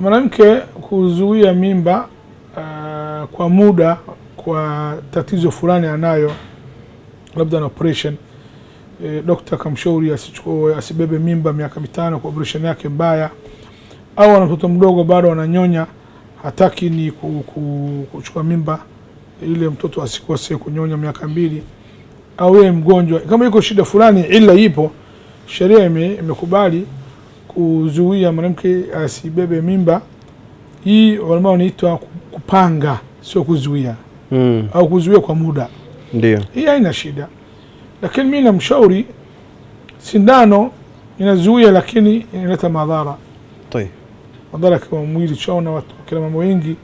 mwanamke kuzuia mimba uh, kwa muda kwa tatizo fulani anayo, labda na operation e, eh, dokta kamshauri asichukue asibebe mimba miaka mitano kwa operation yake mbaya, au ana mtoto mdogo bado ananyonya, hataki ni kuchukua mimba ile mtoto asikose kunyonya miaka mbili, au yeye mgonjwa, kama iko shida fulani, ila ipo sheria imekubali kuzuia mwanamke asibebe mimba. Hii walama wanaitwa kupanga, sio kuzuia mm. au kuzuia kwa muda, ndio hii haina shida, lakini mi namshauri sindano inazuia, lakini inaleta madhara madhara kwa mwili. Chaona watu kila mambo wengi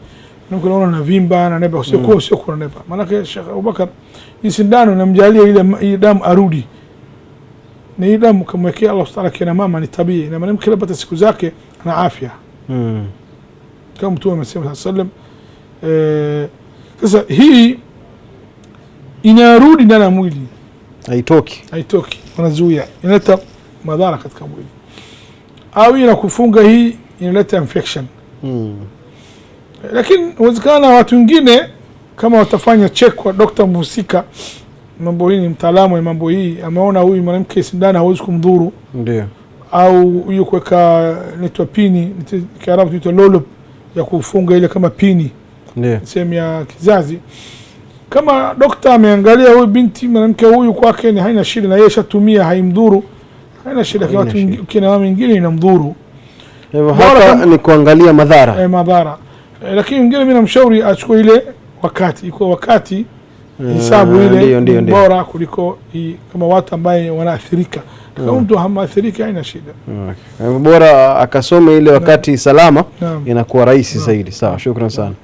na vimba na neba, sio mm. sio kuna neba, maanake Sheikh Abubakar hii sindano inamjalia ile damu arudi ni damu kamwekea Allah Taala kina mama ni tabia, na mwanamke kila baada siku zake ana afya mm. kama Mtume amesema sallam. E, sasa hii inarudi ndani ya mwili, haitoki haitoki, wanazuia, inaleta madhara katika mwili, au inakufunga hii inaleta infection mm. Lakini inawezekana watu wengine kama watafanya check kwa daktari mhusika mambo hii ni mtaalamu ya mambo hii, ameona huyu mwanamke sindano hawezi kumdhuru, ndio au hiyo kuweka nitwa pini Kiarabu tuita lolop ya kufunga ile kama pini, ndio sehemu ya kizazi. Kama dokta ameangalia huyu binti mwanamke huyu kwake ni haina shida na yeye shatumia haimdhuru, haina shida kwa watu wengine kina wengine inamdhuru, hivyo hata ni kuangalia madhara eh, madhara eh, lakini mwingine mimi namshauri achukue ile wakati iko wakati hisabu eh, ile bora kuliko i, kama watu ambaye wanaathirika mm. mtu hamaathirika haina shida okay. Eh, bora akasome ile wakati na salama na inakuwa rahisi zaidi. Sawa, shukran sana.